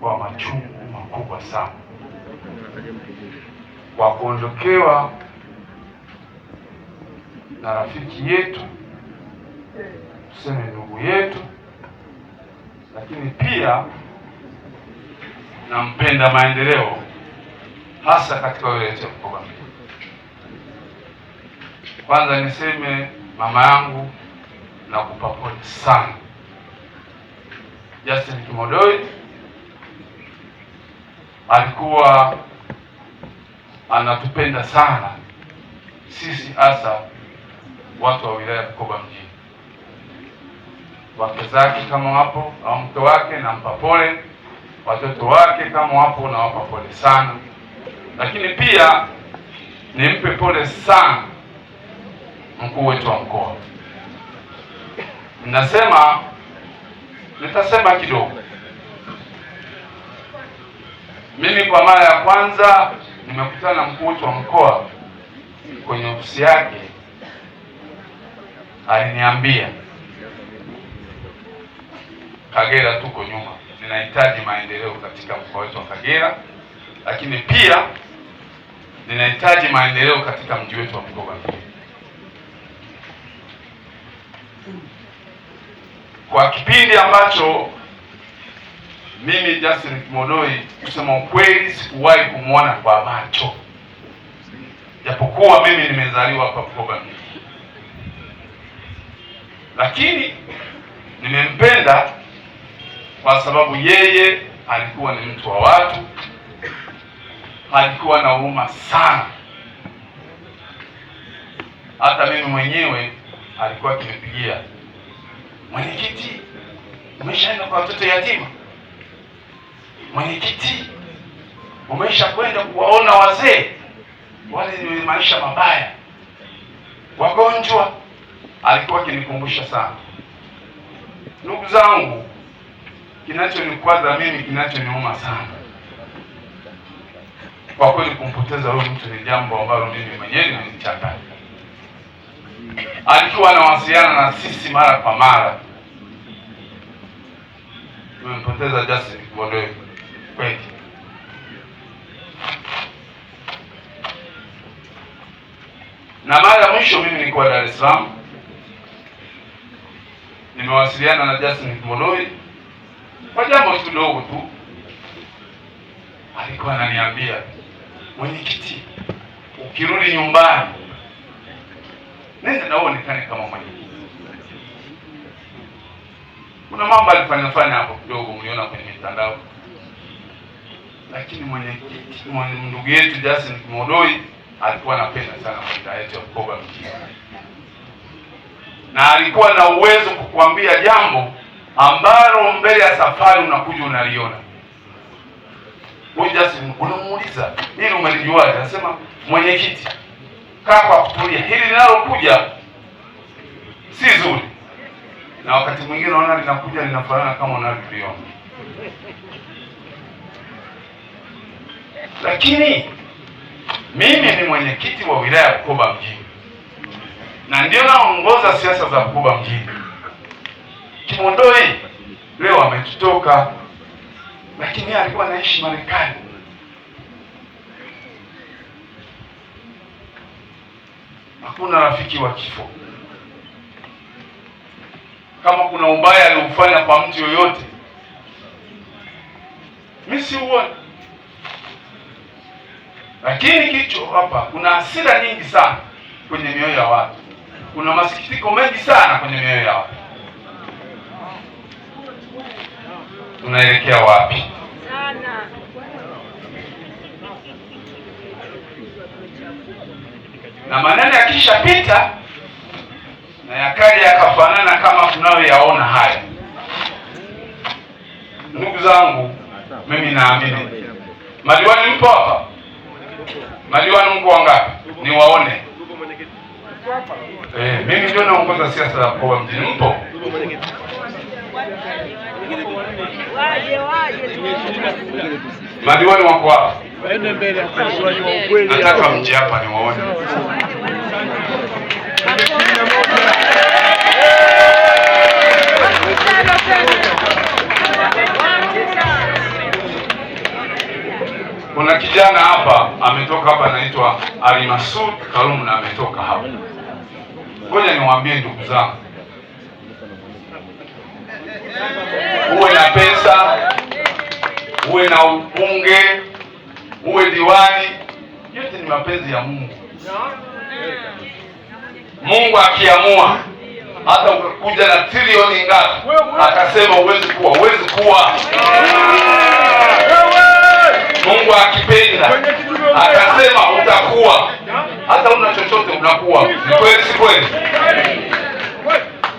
kwa machungu makubwa sana, kwa kuondokewa na rafiki yetu, tuseme ndugu yetu, lakini pia nampenda maendeleo, hasa katika wilaya ya Bukoba. Kwanza niseme mama yangu, nakupa pole sana Justin Kimodoi alikuwa anatupenda sana sisi, hasa watu wa wilaya ya Bukoba mjini. Wake zake kama wapo au mke wake nampa pole, watoto wake kama wapo nawapa pole sana, lakini pia nimpe pole sana mkuu wetu wa mkoa. Nasema nitasema kidogo mimi kwa mara ya kwanza nimekutana na mkuu wetu wa mkoa kwenye ofisi yake, aliniambia Kagera tuko nyuma, ninahitaji maendeleo katika mkoa wetu wa Kagera, lakini pia ninahitaji maendeleo katika mji wetu wa Mkoba. Kwa kipindi ambacho mimi Justin Kimonoi, kusema ukweli, sikuwahi kumwona kwa macho, japokuwa mimi nimezaliwa hapa Bukoba, lakini nimempenda kwa sababu yeye alikuwa ni mtu wa watu, alikuwa na huruma sana. Hata mimi mwenyewe alikuwa akinipigia, mwenyekiti, umeshaenda kwa watoto yatima Mwenyekiti, umeisha kwenda kuwaona wazee wale, ni maisha mabaya, wagonjwa. Alikuwa akinikumbusha sana, ndugu zangu, kinachonikwaza mimi, kinachoniuma sana kwa kweli, kumpoteza huyu mtu ni jambo ambalo mimi mwenyewe nimenichanganya. Alikuwa anawasiliana na sisi mara kwa mara. Tumempoteza Justin Kumondoe. Great. Na mara ya mwisho mimi nilikuwa Dar es Salaam, nimewasiliana na Justin Modoi kwa jambo kidogo tu, alikuwa ananiambia mwenyekiti, ukirudi nyumbani nenda na uonekane kama mwenyekiti. Kuna mambo alifanyafanya hapo kidogo, mliona kwenye mitandao lakini mwenye ndugu yetu Justin Kimodoi alikuwa anapenda sana mafuta yetu ya Bukoba mjini, na alikuwa na uwezo kukuambia jambo ambalo mbele ya safari unakuja unaliona. Huyu Justin unamuuliza hili umelijua, Anasema mwenyekiti, kaa kwa kutulia, hili linalokuja si zuri, na wakati mwingine unaona linakuja linafanana kama unaliona lakini mimi ni mwenyekiti wa wilaya ya Bukoba mjini na ndio naongoza siasa za Bukoba mjini. Kimondoi leo ametutoka, lakini yeye alikuwa anaishi Marekani. Hakuna rafiki wa kifo. Kama kuna ubaya aliofanya kwa mtu yoyote, mimi siuoni lakini kicho hapa kuna hasira nyingi sana kwenye mioyo ya watu, kuna masikitiko mengi sana kwenye mioyo ya watu. Tunaelekea wapi? Na maneno yakishapita na yakali yakafanana kama yaona haya, ndugu zangu, mimi naamini madiwani mpo hapa Najua ni wanga wangapi niwaone. Eh, mimi ndio naongoza siasa za mkoa mjini. Mpo madiwani wako hapa, nataka mje hapa niwaone. kijana hapa ametoka hapa, anaitwa alimasud Masud Karumu na ametoka hapa. Ngoja niwaambie ndugu zangu, uwe na pesa, uwe na ubunge, uwe diwani, yote ni mapenzi ya Mungu. Mungu akiamua hata ukakuja na trilioni ngapi, akasema uwezi kuwa, uwezi kuwa Mungu akipenda akasema utakuwa, hata una chochote unakuwa. Ni kweli, si kweli?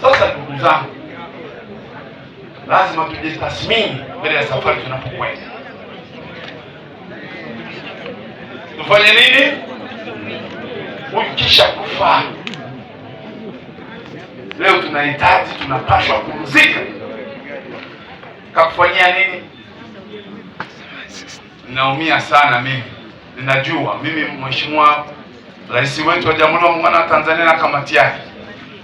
Sasa ndugu zangu, lazima tujitathmini mbele ya safari tunapokwenda. Tufanye nini ukisha kufa? Leo tunahitaji tunapashwa kumzika, kakufanyia nini? ninaumia sana mimi, ninajua mimi mheshimiwa rais wetu wa Jamhuri ya Muungano wa Tanzania na kamati yake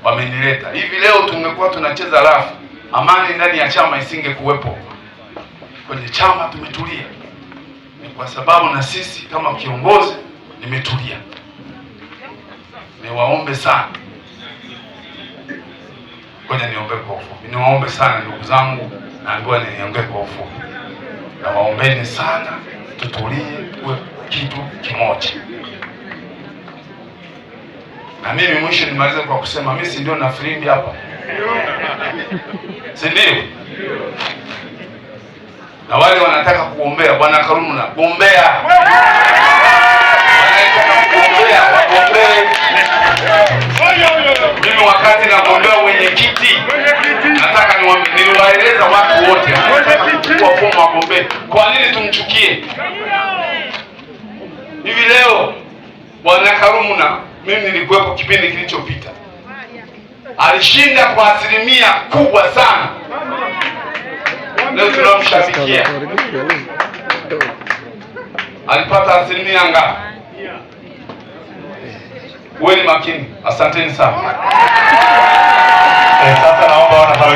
wamenileta hivi leo. Tungekuwa tunacheza rafu, amani ndani ya chama isingekuwepo. Kwenye chama tumetulia, ni kwa sababu na sisi kama kiongozi nimetulia. Niwaombe sana kwenye, niombe kwa ufupi, niwaombe sana ndugu zangu, naambiwa niongee kwa ufupi, nawaombeni sana tutulie, uwe kitu kimoja. Na mimi mwisho nimaliza kwa kusema mimi si ndio na filimbi hapa, si ndio? Na wale wanataka kuombea Bwana na gombea mimi wakati nagombea mwenyekiti, nataka niwaeleza watu wote, nataka kuchukua fomu wagombee. Hivi leo bwana Karumuna, mimi nilikuwepo kipindi kilichopita, alishinda kwa asilimia kubwa sana. Leo tunamshabikia alipata asilimia ngapi? ni makini, asanteni sana. Eh,